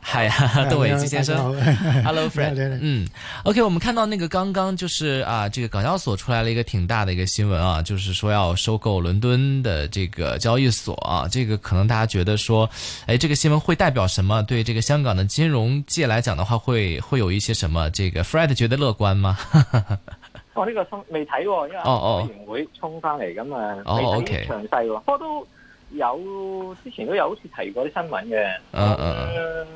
嗨、啊，杜、哎、偉基先生 ，Hello, Fred。嗯，OK，我們看到那個剛剛就是啊，這個港交所出來了一個挺大的一個新聞啊，就是說要收購倫敦的這個交易所啊。這個可能大家覺得說，哎，這個新聞會代表什麼？對這個香港的金融界來講的話會，會會有一些什麼？這個 Fred 覺得樂觀嗎？我 呢、哦這個未睇，因為哦哦，年會衝返嚟㗎嘛，未睇詳細喎。不過都。有之前都有好似提過啲新聞嘅，嗯，嗯，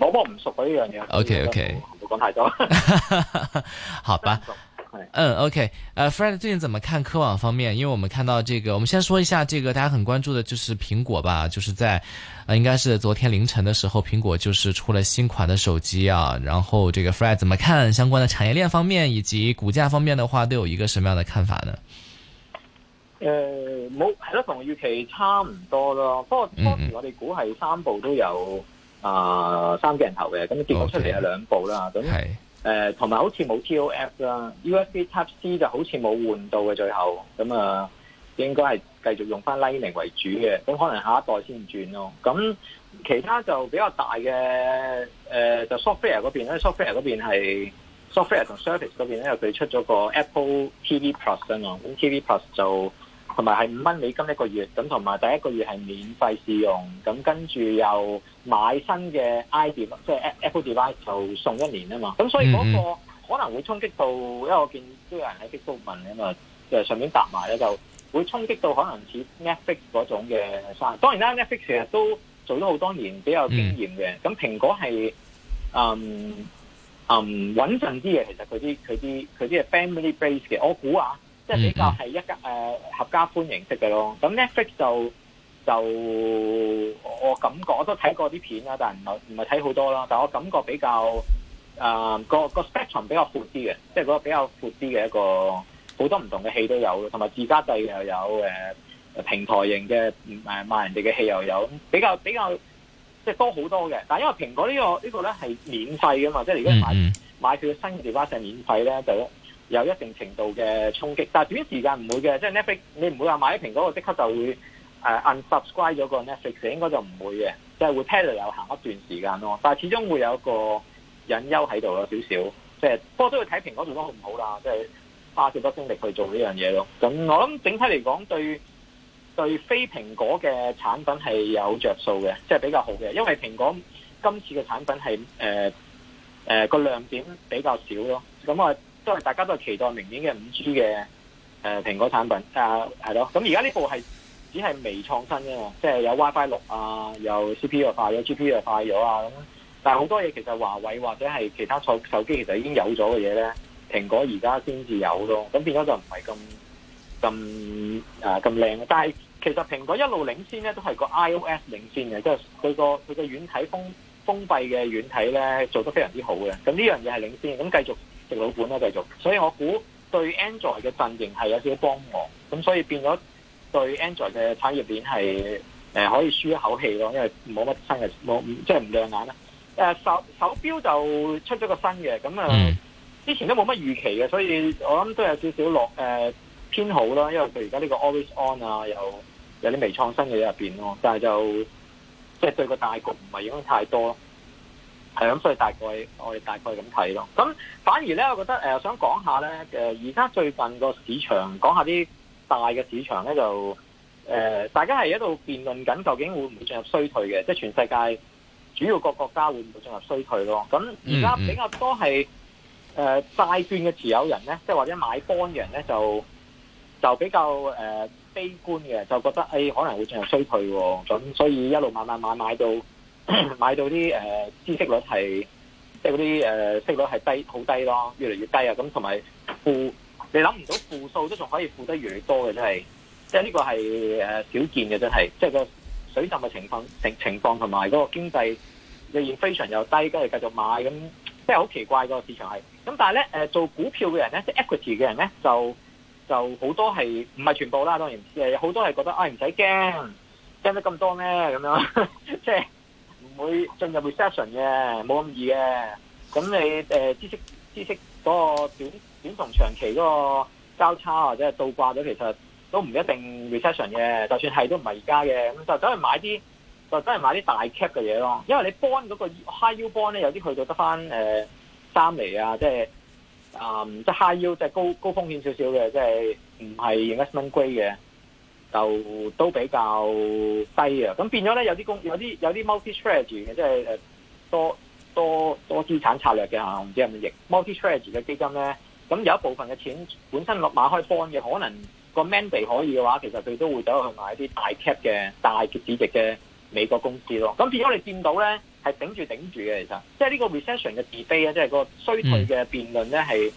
我我唔熟呢樣嘢。OK OK，唔好講太多， 好吧。 嗯，OK，誒、uh,，Fred 最近怎麼看科網方面？因為我們看到這個，我們先說一下這個大家很關注的，就是蘋果吧，就是在，啊、呃，應該是昨天凌晨的時候，蘋果就是出了新款的手機啊，然後這個 Fred 怎麼看相關的產業鏈方面以及股價方面的話，都有一個什麼樣的看法呢？誒、嗯，冇係咯，同預期差唔多咯。不過當時我哋估係三部都有、嗯、啊三隻鏡頭嘅，咁結果出嚟係兩部啦。咁同埋好似冇 TOF 啦 USB Type-C 就好似冇換到嘅最後。咁啊，應該係繼續用翻 Lightning 為主嘅，咁可能下一代先轉咯。咁其他就比較大嘅，誒、呃、就 software 嗰邊咧 software 嗰邊係 software 同 Service 嗰邊咧，佢出咗個 Apple TV Plus 啊嘛，咁 TV Plus 就。同埋係五蚊美金一個月，咁同埋第一個月係免費試用，咁跟住又買新嘅 i d 即係 Apple Device 就送一年啊嘛，咁所以嗰個可能會衝擊到，因為我見都有人喺 Facebook 問啊嘛，就上面答埋咧，就會衝擊到可能似 Netflix 嗰種嘅生意。當然啦，Netflix 其實都做咗好多年，比較經驗嘅。咁蘋果係嗯嗯穩陣啲嘅，其實佢啲佢啲佢啲係 family base 嘅，我估啊。即係 比較係一家誒、呃、合家歡形式嘅咯，咁 Netflix 就就我感覺我都睇過啲片啦，但係唔係睇好多啦，但係我感覺比較誒、呃這個、這個 spectrum 比較闊啲嘅，即係嗰個比較闊啲嘅一個好多唔同嘅戲都有，同埋自家製又有誒、呃、平台型嘅誒賣人哋嘅戲又有，比較比較即係、就是、多好多嘅。但係因為蘋果呢、這個呢、這個咧係免費㗎嘛，即、就、係、是、如果買 買佢嘅新嘅電話成免費咧就。有一定程度嘅衝擊，但係短時間唔會嘅，即係 Netflix，你唔會話買咗蘋果，我即刻就會誒、uh, unsubscribe 咗個 Netflix，應該就唔會嘅，即係會 patrol 又行一段時間咯。但係始終會有一個隱憂喺度，囉。少少，即係不過都要睇蘋果做得好唔好啦，即係花幾多精力去做呢樣嘢咯。咁我諗整體嚟講，對對非蘋果嘅產品係有着數嘅，即係比較好嘅，因為蘋果今次嘅產品係、呃呃、個亮點比較少咯，咁啊。都係大家都係期待明年嘅五 G 嘅誒蘋果產品啊，係咯。咁而家呢部係只係微創新啫嘛，即係有 WiFi 六啊，有 CPU 又快咗，GPU 又快咗啊。咁但係好多嘢其實華為或者係其他廠手，手機其實已經有咗嘅嘢咧，蘋果而家先至有咯。咁變咗就唔係咁咁啊咁靚。但係其實蘋果一路領先咧，都係個 iOS 領先嘅，即係佢個佢嘅軟體封封閉嘅軟體咧，做得非常之好嘅。咁呢樣嘢係領先，咁繼續。食老本咧，繼續，所以我估對 Android 嘅陣營係有少少幫忙，咁所以變咗對 Android 嘅產業鏈係誒、呃、可以舒一口氣咯，因為冇乜新嘅冇即係唔亮眼啦。誒、啊、手手錶就出咗個新嘅，咁啊之前都冇乜預期嘅，所以我諗都有少少落誒偏好啦，因為佢而家呢個 Always On 啊，又有啲微創新嘅嘢入邊咯，但係就即係、就是、對個大局唔係影響太多咯。係咁，所以大概我哋大概咁睇咯。咁反而咧，我覺得誒、呃，想講下咧，誒、呃，而家最近個市場，講下啲大嘅市場咧，就、呃、誒，大家係喺度辯論緊，究竟會唔會進入衰退嘅？即係全世界主要個國家會唔會進入衰退咯？咁而家比較多係誒債券嘅持有人咧，即係或者買方人咧，就就比較誒、呃、悲觀嘅，就覺得誒、欸、可能會進入衰退喎。咁所以一路慢慢買買買買到。買到啲誒知識率係即係嗰啲誒息率係、呃、低好低咯，越嚟越低啊！咁同埋負你諗唔到負數都仲可以負得越嚟越多嘅，真、就、係、是、即係呢個係誒少見嘅，真、呃、係、就是、即係個水浸嘅情況情情況同埋嗰個經濟嘅 inflation 又低，跟住繼續買咁，即係好奇怪個市場係咁。但係咧、呃、做股票嘅人咧，即 equity 嘅人咧，就就好多係唔係全部啦，當然好多係覺得啊唔使驚，驚、哎、得咁多咩咁樣，即 係、就是會進入 recession 嘅，冇咁易嘅。咁你誒、呃、知識知識嗰個短短同長期嗰個交叉或者係倒掛咗，其實都唔一定 recession 嘅。就算係都唔係而家嘅。咁就走去買啲，就走去買啲大 cap 嘅嘢咯。因為你 bond 嗰個 high yield bond 咧，有啲去到得翻誒三厘啊，即係啊，即、呃、係、就是、high yield 即係高高風險少少嘅，即係唔係 investment grade 嘅。就都比較低啊！咁變咗咧，有啲公有啲有啲 multi-trading 嘅，即係多多多資產策略嘅嚇，唔知係咪型 multi-trading 嘅基金咧？咁有一部分嘅錢本身落馬開 bond 嘅，可能個 mandate 可以嘅話，其實佢都會走去買一啲大 cap 嘅大市值嘅美國公司咯。咁變咗，你見見到咧係頂住頂住嘅，其實即係呢個 recession 嘅自卑即係、就是、個衰退嘅辯論咧係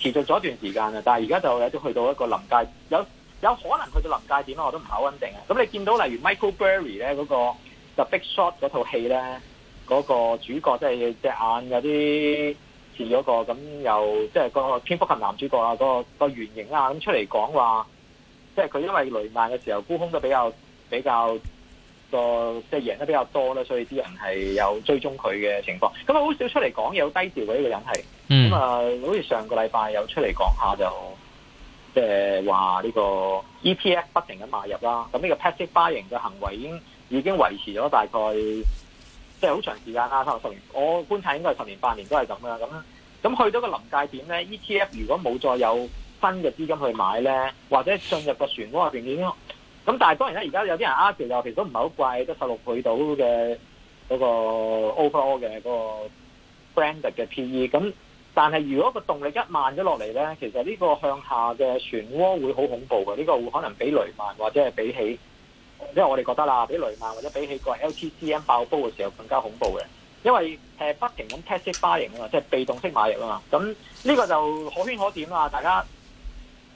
持續咗一段時間啊！但係而家就有都去到一個臨界有。有可能佢嘅臨界點啦，我都唔係好肯定啊！咁你見到例如 Michael Berry 咧嗰、嗰個《The Big Short》嗰套戲咧，嗰個主角即係隻眼有啲似嗰個，咁又即係個蝙蝠俠男主角、嗰個嗰個、形啊，嗰個個原型啊，咁出嚟講話，即係佢因為雷曼嘅時候沽空都比較比較個即係贏得比較多啦，所以啲人係有追蹤佢嘅情況。咁啊，好少出嚟講有低調嘅呢個人係，咁、嗯、啊、嗯，好似上個禮拜有出嚟講下就。即係話呢個 ETF 不停咁買入啦，咁呢個 passive buy 型嘅行為已經已經維持咗大概即係好長時間啦，十年。我觀察應該係十年、八年，年都係咁啦。咁咁去到個臨界點咧，ETF 如果冇再有新嘅資金去買咧，或者進入個漩渦入邊，咁但係當然啦，而家有啲人 argue 其實都唔係好貴，得十六倍到嘅嗰個 overall 嘅嗰個 brand 嘅 PE 咁。但係如果個動力一慢咗落嚟咧，其實呢個向下嘅旋渦會好恐怖嘅，呢、這個會可能比雷曼或者係比起，因為我哋覺得啦，比雷曼或者比起個 LTCM 爆煲嘅時候更加恐怖嘅，因為誒不停咁貼息巴型啊嘛，即係被動式買入啊嘛，咁呢個就可圈可點啦，大家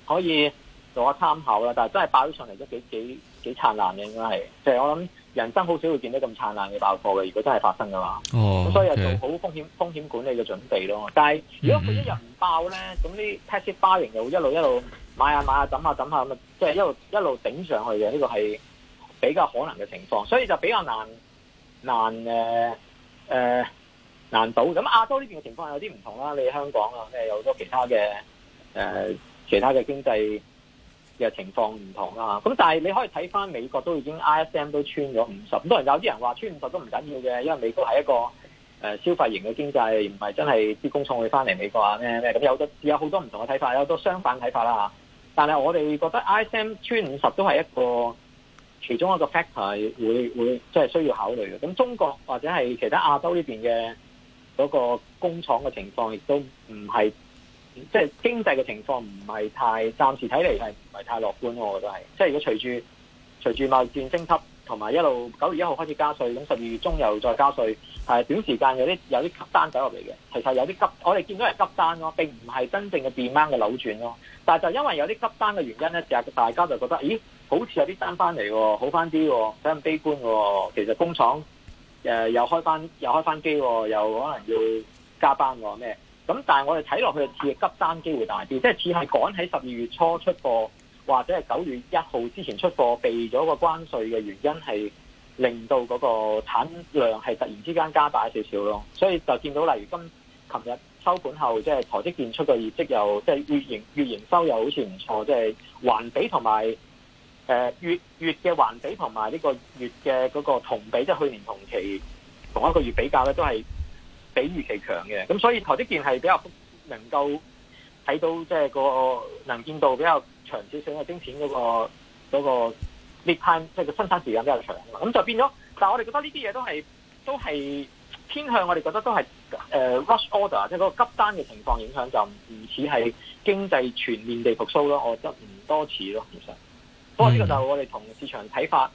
可以做下參考啦。但係真係爆咗上嚟都幾幾幾燦爛嘅應該係，即、就、係、是、我諗。人生好少會見到咁燦爛嘅爆破嘅，如果真係發生嘅話，咁、哦、所以做好風險風險管理嘅準備咯。但係如果佢一日唔爆咧，咁啲 passive buying 又一路一路買呀、啊、買呀，揼下揼下咁啊，即係一路一路頂上去嘅，呢、呢個係比較可能嘅情況，所以就比較難難誒誒、呃呃、難倒。咁亞洲呢邊嘅情況有啲唔同啦，你香港啊，即係有好多其他嘅誒、呃、其他嘅經濟。嘅情況唔同啦，咁但係你可以睇翻美國都已經 ISM 都穿咗五十，咁多人有啲人話穿五十都唔緊要嘅，因為美國係一個誒消費型嘅經濟，唔係真係啲工廠會翻嚟美國啊咩咩，咁有好多唔同嘅睇法，有好多相反睇法啦嚇。但係我哋覺得 ISM 穿五十都係一個其中一個 factor 會會即係、就是、需要考慮嘅。咁中國或者係其他亞洲呢邊嘅嗰個工廠嘅情況，亦都唔係。即係經濟嘅情況唔係太，暫時睇嚟係唔係太樂觀，我覺得係。即係如果隨住隨住貿易戰升級，同埋一路九月一號開始加稅，咁十二月中又再加稅，係短時間有啲有啲急單走落嚟嘅。其實有啲急，我哋見到係急單咯，並唔係真正嘅變慢嘅扭轉咯。但係就因為有啲急單嘅原因咧，其實大家就覺得，咦，好似有啲單翻嚟喎，好翻啲喎，唔使咁悲觀喎。其實工廠誒、呃、又開翻又開翻機喎，又可能要加班喎咩？咁、嗯、但係我哋睇落去，似係急單機會大啲，即係似係趕喺十二月初出貨，或者係九月一號之前出貨避咗個關稅嘅原因，係令到嗰個產量係突然之間加大少少咯。所以就見到例如今琴日收盤後，即係台積電出嘅業績又即係月營月營收又好似唔錯，即係環比同埋誒月月嘅環比同埋呢個月嘅嗰個同比，即係去年同期同一個月比較咧，都係。比預期強嘅，咁所以台積電係比較能夠睇到，即係嗰個能見度比較長少少嘅晶片嗰個嗰個 lead time，即係個生產時間比較長咁就變咗，但係我哋覺得呢啲嘢都係都係偏向我哋覺得都係誒 rush order，即係嗰個急單嘅情況影響，就唔似係經濟全面地復甦咯。我覺得唔多似咯，其實。不過呢個就係我哋同市場睇法。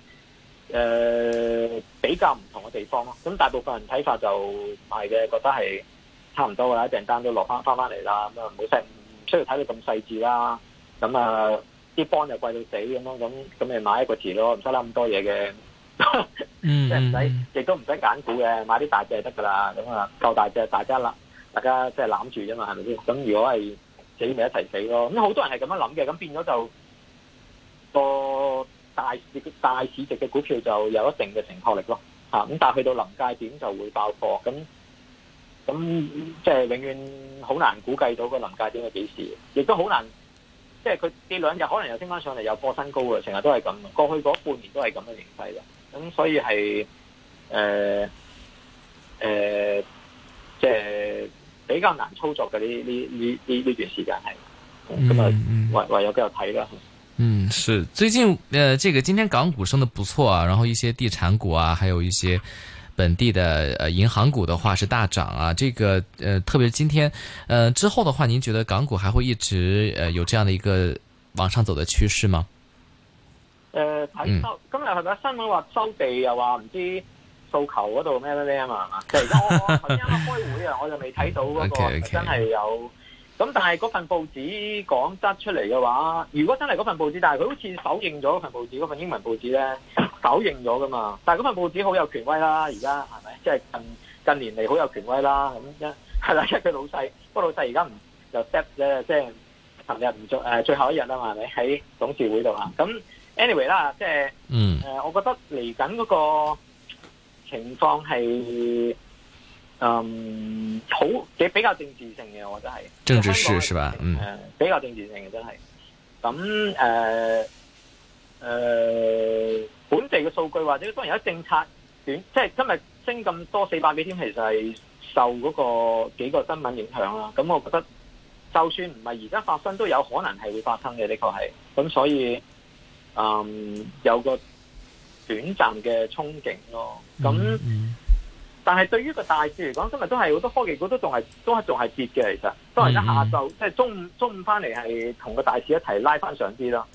誒、呃，比較唔同嘅地方咯，咁大部分人睇法就係嘅，覺得係差唔多噶啦，一陣間都落翻翻翻嚟啦，咁啊唔使唔需要睇到咁細緻啦，咁啊啲幫又貴到死咁咯，咁咁你買一個池咯，唔使諗咁多嘢嘅，唔使亦都唔使揀股嘅，買啲大隻就得噶啦，咁啊夠大隻大，大家啦大家即係攬住啫嘛，係咪先？咁如果係死咪一齊死咯，咁好多人係咁樣諗嘅，咁變咗就多。大市大市值嘅股票就有一定嘅承托力咯，咁、嗯、但係去到臨界點就會爆破，咁咁即係永遠好難估計到個臨界點係幾時的，亦都好難，即係佢呢兩日可能又升翻上嚟，又破新高啊，成日都係咁，過去嗰半年都係咁嘅形勢嘅，咁所以係誒誒，即、呃、係、呃就是、比較難操作嘅呢呢呢呢呢段時間係，咁啊唯唯有繼續睇啦。嗯，是最近呃，這個今天港股升得不錯啊，然後一些地產股啊，還有一些本地的呃銀行股的話是大漲啊。這個呃，特別今天呃之後的話，您覺得港股還會一直呃有這樣的一個往上走的趨勢嗎？呃，睇收、嗯、今日係咪新聞話收地又話唔知訴求嗰度咩咩咩啊嘛？係嘛？即係而家我頭先開會啊， 我就未睇到嗰、嗰個 okay, okay. 真係有。咁但係嗰份報紙講得出嚟嘅話，如果真係嗰份報紙，但係佢好似否認咗嗰份報紙，嗰份英文報紙咧否認咗噶嘛？但係嗰份報紙好有權威啦，而家係咪？即係、就是、近近年嚟好有權威啦，咁一係啦，一佢老細，不過老細而家唔又 set 即係琴日唔做、呃、最後一日啦嘛，係咪喺董事會度啊？咁 anyway 啦，即係誒，我覺得嚟緊嗰個情況係。嗯，好，幾比較政治性嘅，我覺得係政治事，治是吧？嗯，嗯，比較政治性嘅真係。咁誒誒，本地嘅數據或者當然有政策短，即係今日升咁多四百幾添，其實係受嗰個幾個新聞影響啦。咁我覺得就算唔係而家發生，都有可能係會發生嘅，呢個係。咁所以，嗯，有個短暫嘅憧憬咯。咁但係對於個大市嚟講，今日都係好多科技股都仲係都係仲係跌嘅，其實當然而家下晝即係中午中午翻嚟係同個大市一齊拉翻上啲啦。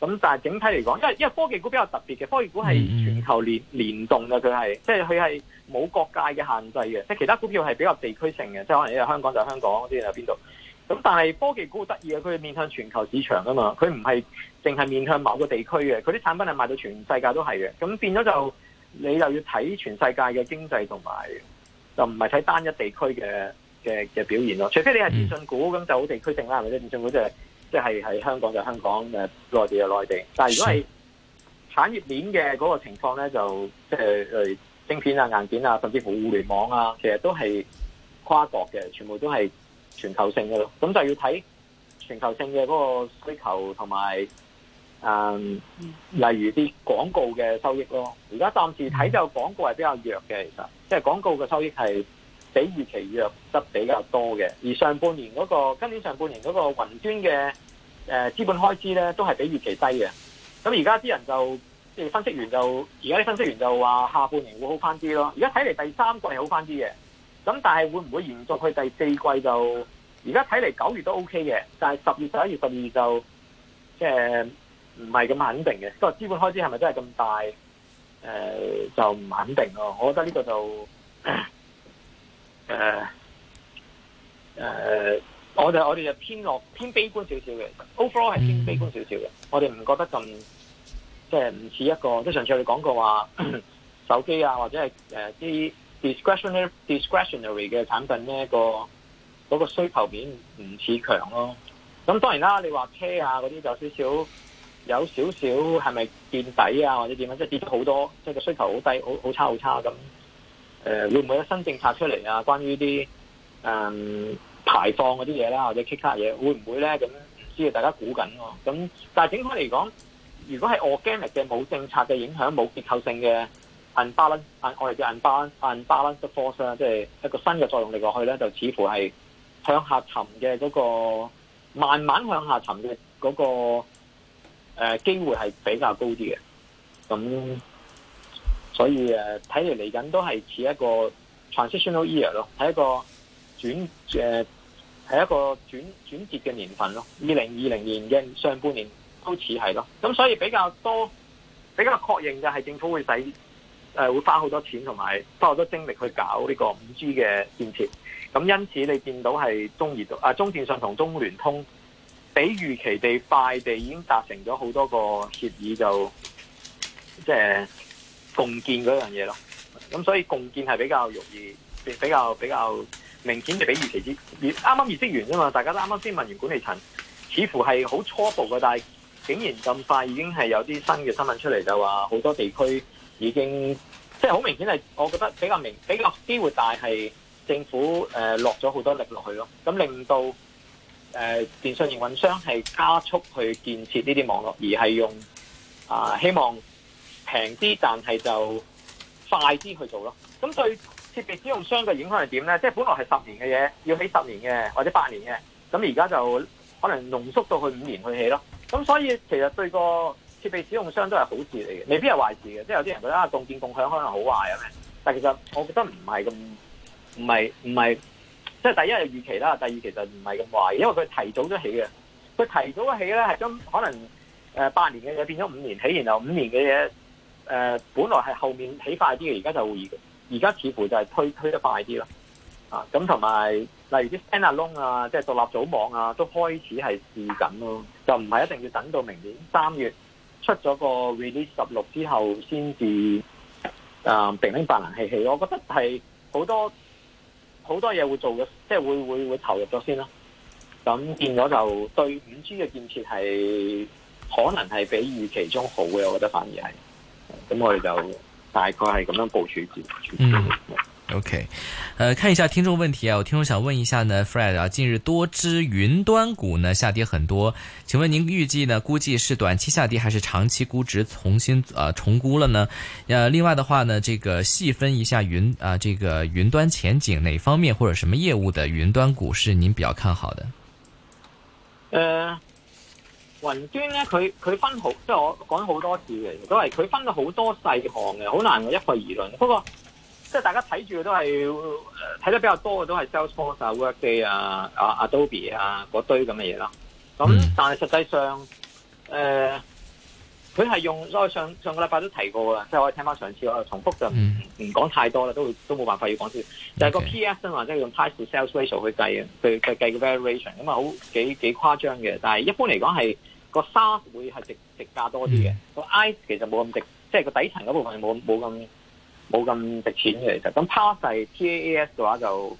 咁但係整體嚟講，因為因為科技股比較特別嘅，科技股係全球連連動嘅，佢係即係佢係冇國界嘅限制嘅，即係其他股票係比較地區性嘅，即係可能因喺香港就香港嗰啲喺邊度。咁但係科技股好得意嘅，佢面向全球市場啊嘛，佢唔係淨係面向某個地區嘅，佢啲產品係賣到全世界都係嘅，咁變咗就。你又要睇全世界嘅經濟同埋，就唔係睇單一地區嘅嘅嘅表現咯。除非你係資訊股，咁就好地區性啦，係咪咧？資訊股即係即係喺香港就香港誒，內地就內地。但係如果係產業鏈嘅嗰個情況咧，就即係誒晶片啊、硬件啊，甚至乎互聯網啊，其實都係跨國嘅，全部都係全球性嘅咯。咁就要睇全球性嘅嗰個需求同埋。嗯，例如啲廣告嘅收益咯，而家暫時睇就廣告係比較弱嘅，其實即係廣告嘅收益係比預期弱得比較多嘅。而上半年嗰、嗰個今年上半年嗰個雲端嘅誒資本開支咧，都係比預期低嘅。咁而家啲人就即係、即係、分析員就而家啲分析員就話下半年會好返啲咯。而家睇嚟第三季係好返啲嘅，咁但係會唔會延續去第四季就？而家睇嚟九月都 OK 嘅，但係十月十一月十二月就即、呃唔係咁肯定嘅，不過資本開支係咪真係咁大？誒、呃、就唔肯定咯。我覺得呢個就誒誒、呃呃，我哋我哋就偏落偏悲觀少少嘅。Overall 係偏悲觀少少嘅。我哋唔覺得咁即係唔似一個。即上次我哋講過話 手機啊，或者係誒啲 discretionary discretionary 嘅產品咧，嗰個嗰、嗰個需求面唔似強咯。咁當然啦，你話車啊嗰啲就少少。有少少係咪見底啊，或者點樣啊？即係跌咗好多，即係個需求好低，好好差好差咁。誒、呃，會唔會有新政策出嚟啊？關於啲誒、嗯、排放嗰啲嘢啦，或者其卡嘢，會唔會咧？咁唔知啊，大家估緊喎。咁但係整體嚟講，如果係 organic 嘅冇政策嘅影響，冇結構性嘅 unbalance 我哋叫 unbalance forces 啦、啊，即係一個新嘅作用嚟落去咧，就似乎係向下沉嘅嗰、那個，慢慢向下沉嘅嗰、那個。誒機會係比較高啲嘅，咁所以誒睇嚟嚟緊都係似一個 transitional year 咯，係一個轉誒係、呃、一個轉轉折嘅年份咯。二零二零年嘅上半年都似係咯，咁所以比較多比較確認，就係政府會使誒會花好多錢同埋花好多精力去搞呢個五 G 嘅建設，咁因此你見到係中移動啊、中電信同中聯通。比預期地快地已經達成咗好多個協議就，就即、是、係共建嗰樣嘢咯。咁所以共建係比較容易，比較比較明顯就比預期之，啱啱認識完啫嘛。大家都啱啱先問完管理層，似乎係好初步嘅，但係竟然咁快已經係有啲新嘅新聞出嚟，就話好多地區已經即係好明顯係，我覺得比較明比較機會大，係政府誒落咗好多力落去咯，咁令到。誒、呃、電信營運商係加速去建設呢啲網絡，而係用啊、呃、希望平啲，但係就快啲去做咯。咁對設備使用者嘅影響係點咧？即係本來係十年嘅嘢，要起十年嘅或者八年嘅，咁而家就可能濃縮到去五年去起咯。咁所以其實對個設備使用者都係好事嚟嘅，未必係壞事嘅。即係有啲人覺得啊，共建共享可能好壞啊咩？但係其實我覺得唔係咁，唔係唔係。即係第一日預期啦，第二其實唔係咁壞，因為佢提早咗起嘅。佢提早嘅起咧，係將可能誒八年嘅嘢變咗五年起，然後五年嘅嘢誒，本來係後面起快啲嘅，而家就會而家似乎就係推推得快啲啦。啊，咁同埋例如啲 standalone 啊，即係獨立組網啊，都開始係試緊咯，就唔係一定要等到明年三月出咗個 release 十六之後先至誒平拎發難氣氣。我覺得係好多。好多嘢會做嘅，即係會會會投入咗先啦。咁變咗就對五 G 嘅建設係可能係比預期中好嘅，我覺得反而係。咁我哋就大概係咁樣部署住。嗯 OK，呃，看一下聽眾問題啊，我聽眾想問一下呢，Fred 啊，近日多支雲端股呢下跌很多，請問您預計呢，估計是短期下跌，還是長期估值重新、呃、重估了呢？呃，另外的話呢，這個細分一下雲啊、呃，這個雲端前景哪方面或者什麼業務的雲端股是您比較看好的？呃，雲端呢，佢佢分好，即係我講咗好多次嘅，都係佢分咗好多細項嘅，好難一概而論，不過。即係大家睇住都係睇得比較多嘅都係 Salesforce 啊、Workday 啊、啊、Adobe 啊嗰堆咁嘅嘢啦。咁但係實際上，誒佢係用，我上上個禮拜都提過啊，即係可以聽翻上次，我又重複就唔講太多啦，都都冇辦法要講少。就係、是、個 PS 或、okay. 者用 price to sales ratio 去計啊，佢計計個 variation 咁、嗯、啊，好幾幾誇張嘅。但係一般嚟講係個沙會係值值價多啲嘅，個 i 其實冇咁值，即係個底層嗰部分冇冇咁。冇咁值錢嘅其實，咁 part a s 嘅話就、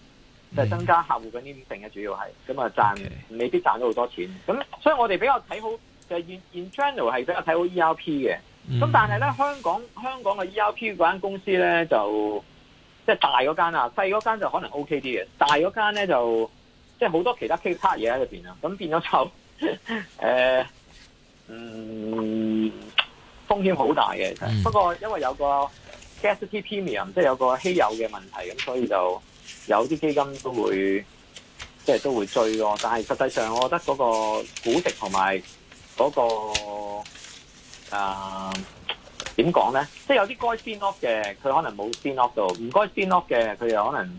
即係、增加客戶嘅黏性嘅主要係，咁啊賺未必賺咗好多錢。咁所以我哋比較睇好就現 channel 係比較睇好 ERP 嘅。咁但係咧香港香港嘅 ERP 嗰間公司咧就即係、即係、大嗰間啊，細嗰間就可能 OK 啲嘅，大嗰間咧就即係好多其他 Kpart 嘢喺入邊啊，咁變咗就誒 嗯風險好大嘅，不過因為有個。Scarcity premium 即係有個稀有嘅問題，咁所以就有啲基金都會即係、就是、都會追咯。但係實際上，我覺得嗰個估值同埋嗰個誒點講咧，即、呃、係、就是、有啲該 spin off 嘅，佢可能冇 spin off 到；唔該 spin off 嘅，佢又可能誒、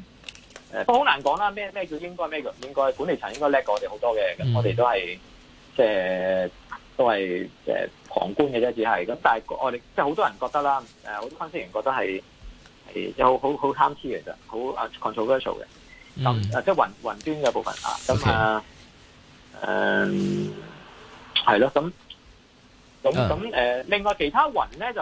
呃、都好難講啦。咩咩叫應該，咩叫唔應該？管理層應該叻過我哋好多嘅、嗯，我哋都係即係。就是都係誒、呃、旁觀嘅啫，只係咁。但係我哋即係好多人覺得啦，誒、呃、好多分析員覺得係係有好好貪嘅，啫，好啊 controversial 嘅。咁啊，即係雲雲端嘅部分啊。OK. 咁啊，誒係咯。咁咁咁誒，呃 uh. 另外其他雲咧就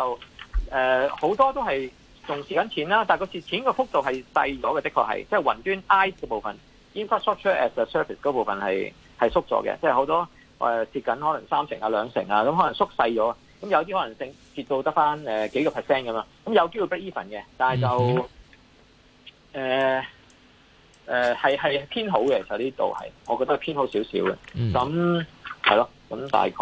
誒好、呃、多都係仲蝕緊錢啦，但係個蝕錢嘅幅度係細咗嘅。的確係，即係雲端 I 嘅部分，infrastructure as a service 嗰部分係係縮咗嘅，即係好多。哎、接近可能三成啊兩成啊，咁可能縮細咗，咁有啲可能性跌到得返誒、呃、幾個 percent 咁啊，咁有機會 break even 嘅，但係就誒誒係係偏好嘅，就呢度係，我覺得係偏好少少嘅，咁係咯，咁大概。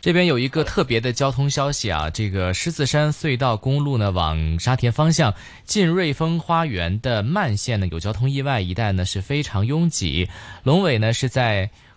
這邊有一個特別的交通消息啊，這個獅子山隧道公路呢，往沙田方向近瑞峰花園的慢線呢，有交通意外，一帶呢是非常擁擠，龍尾呢是在。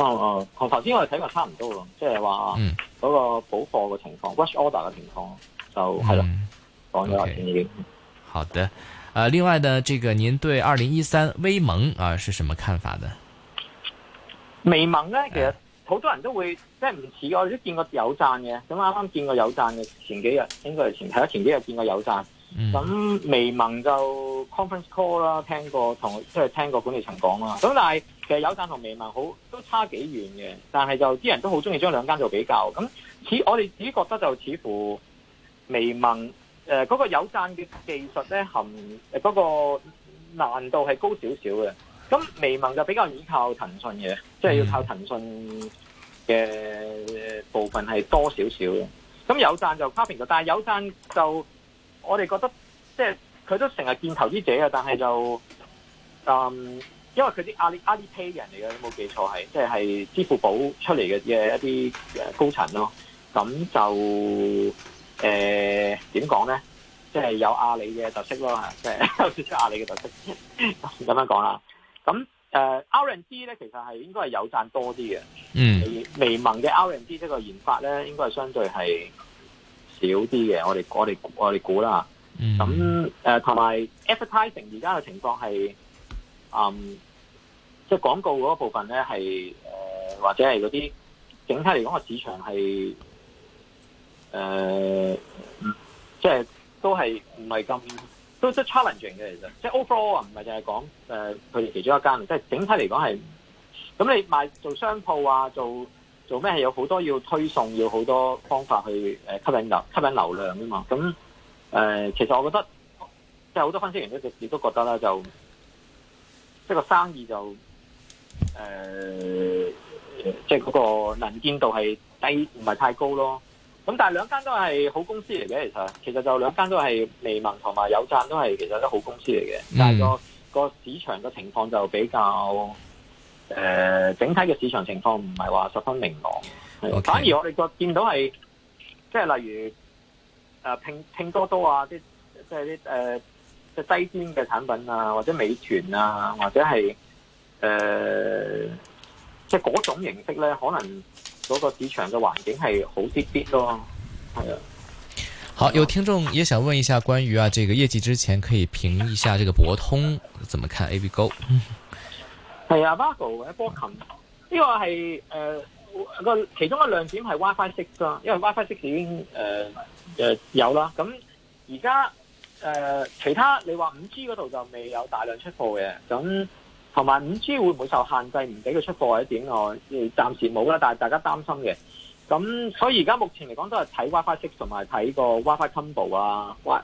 哦哦，同頭先我哋睇過差唔多咯，即係話嗰個補貨嘅情況、嗯、rush order 嘅情況就係咯、嗯、講咗、okay，好嘅，呃，另外呢，呢、這個您對二零一三微盟啊，是什麼看法呢？微盟呢，其實好多人都會、嗯、即係唔似我哋都見過有賺嘅，咁啱啱見過有賺嘅前幾日，應該係前睇咗前幾日見過有賺。咁、mm -hmm. 微盟就 conference call 啦，聽過同即係聽過管理層講啦。咁但係其實有讚同微盟好都差幾遠嘅，但係就啲人都好中意將兩間做比較。咁似我哋自己覺得就似乎微盟誒嗰、呃那個有讚嘅技術咧含嗰、那個難度係高少少嘅。咁微盟就比較依靠騰訊嘅，即、mm、係 -hmm. 要靠騰訊嘅部分係多少少嘅。咁有讚就跨平咗，但係有讚就。我哋覺得即係佢都成日見投資者㗎，但係就嗯，因為佢啲阿里阿里 Pay 人嚟嘅。冇記錯係，即係係支付寶出嚟嘅嘅一啲高層咯。咁就誒點講咧？即、呃、係、就是、有阿里嘅特色咯，即係有少少阿里嘅特色咁樣講啦。咁誒、呃、R&D 咧其實係應該係有賺多啲嘅。嗯，微盟嘅 R&D 呢個研發咧，應該係相對係。少啲嘅，我哋我哋我哋估啦。咁誒同埋 advertising 而家嘅情況係，嗯，即係廣告嗰部分咧係誒，或者係嗰啲整體嚟講個市場係誒，即係都係唔係咁都都 challenge 嘅其實，即係 overall 啊，唔係就係講誒佢哋其中一間即係整體嚟講係。咁你賣做商鋪啊，做？做咩係有好多要推送，要好多方法去誒吸引流吸引流量啊嘛？咁誒、呃，其實我覺得即係好多分析員都都都覺得啦，就即係個生意就誒即係嗰個能見度係低，唔係太高咯。咁但係兩間都係好公司嚟嘅，其實其實就兩間都係微盟同埋有贊都係其實都好公司嚟嘅，但係、嗰個、嗯嗰個市場嘅情況就比較。誒、呃，整體嘅市場情況唔係話十分明朗，okay。反而我哋個見到係，即係例如誒、呃，拼拼多多啊，啲即係啲誒，即、呃、係低端嘅產品啊，或者美團啊，或者係誒，即係嗰種形式咧，可能嗰個市場嘅環境係好啲啲咯。係啊，好，有聽眾也想問一下關於啊，這個業績之前可以評一下，這個博通怎麼看？A B Go 係啊，Vivo 或者波琴，呢個係誒個其中一個亮點係 WiFi Six 啦，因為 WiFi Six 已經誒誒、呃呃、有啦。咁而家誒其他你話五 G 嗰度就未有大量出貨嘅，咁同埋五 G 會唔會受限制唔俾佢出貨或者點我、呃、暫時冇啦，但係大家擔心嘅。咁所以而家目前嚟講都係睇 WiFi Six 同埋睇個 WiFi Combo 啊，或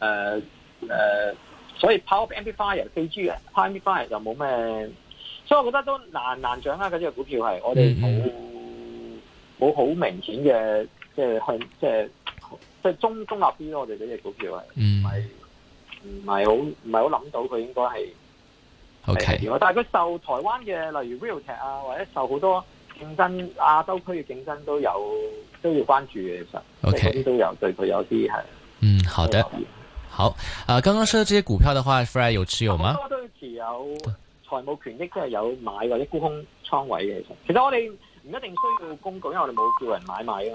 誒誒，所以 Power Amplifier 四 G 嘅 Power Amplifier 就冇咩。所以我覺得都難難掌握嗰隻股票係，我哋冇冇好明顯嘅，即係向，即係即係中中立啲咯。我哋嗰隻股票係，唔係唔係好唔係好諗到佢應該係 OK，但係佢受台灣嘅，例如 Realtek 啊，或者受好多競爭亞洲區嘅競爭都有，都要關注嘅。其實 OK 都有對佢有啲係。嗯，好的，好啊。剛剛說到呢啲股票嘅話，Fly 有持有嗎？都持有。嗯財務權益都係有買或者沽空倉位嘅，其實其實我哋唔一定需要工具，因為我哋冇叫人買賣啊。Okay.